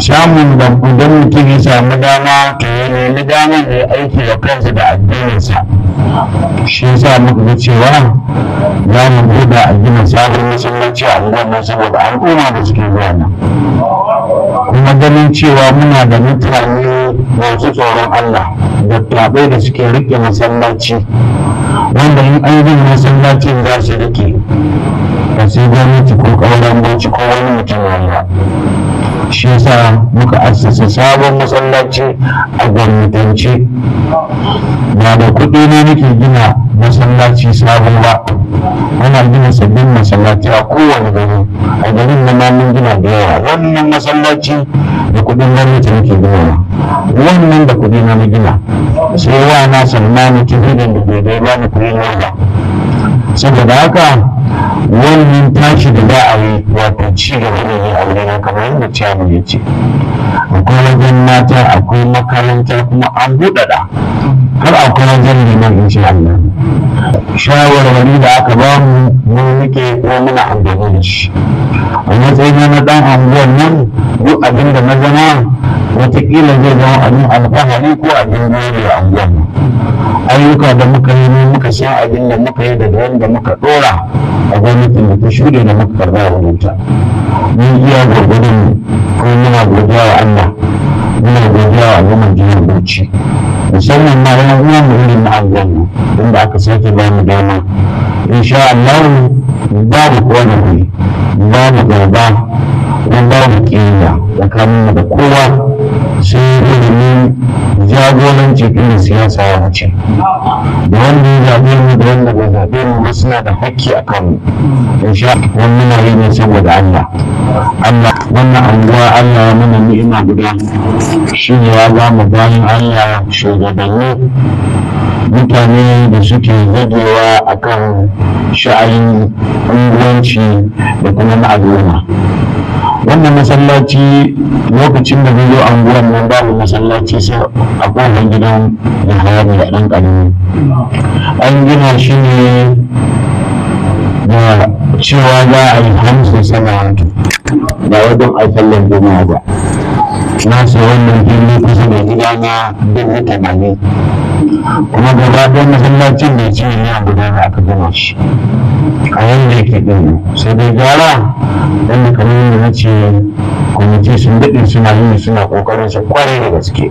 samun babban don mutum ya samu dama ta yi nemi damar da ya aiki da kansa da addininsa shi yasa muka ga cewa za mu buɗe addinin sabon musulunci a gudanar saboda al'umma da suke zuwa kuma ganin cewa muna da mutane masu tsoron Allah da taɓai da suke riƙe masallaci wanda in an yi masallacin za su riƙe ba sai gwamnati ko ƙauran banci ko wani mutum ba shi sa muka asisa sabon masallaci a gwamnatance ba da kudi ne nake gina masallaci sabon ba ana gina sabbin masallaci a kowane gari a garin na mun gina da yawa wannan masallaci da kuɗin gwamnati nake gina wannan da kudi na gina sai wa na sannan mutum da bai dai ba ni kuɗi ba saboda haka wannan tashi da za a yi wato ci gaba da yi a wurin kamar yadda ciyamu ya ce akwai wajen mata akwai makaranta kuma an buɗaɗa har akwai wajen in ce Allah shawarwari da aka ba mu mun muke ko muna amfani da shi a matsayin na ɗan anguwan nan duk abin da na zama wataƙila zai zama abin alfahari ko abin gori a anguwan ayyuka da muka san abin da muka yi da wanda muka dora a gwamnatin da ta shuɗe da muka karɓa a wurinta mun iya gwargwadon ko muna godiya wa Allah muna godiya wa al'ummar jihar Bauchi musamman ma yan uwan mu irin na Allah inda aka sake ba mu dama insha Allah babu kowa da ba mu gaba kuma ba mu kiyaya mu da kowa siyasa ya wuce da wanda ya zaɓe mu da wanda ba zaɓe mu ba suna da hakki a kanmu in sha wani muna yi ne saboda Allah Allah wannan anguwa Allah ya mana ni'ima guda shi ne ya ba mu bayan Allah shugabanni mutane da suke zagewa akan sha'ayin unguwanci da kuma na al'umma wannan masallaci lokacin da zai zo anguwar nan ba mu masallaci sai a gidan da hayar da ɗan ƙarami an gina shi ne da cewa za a yi sana sana'atu ba wajen aikallan goma ba na sai wannan filin kusa da gidana dubu tamanin kuma gaba ɗaya masallacin da ce ne a guda da aka gama shi a yanda yake ɗin sai dai gyara da kamar yadda na ce kwamiti sun daɗe suna yi suna ƙoƙarin su kwarai da gaske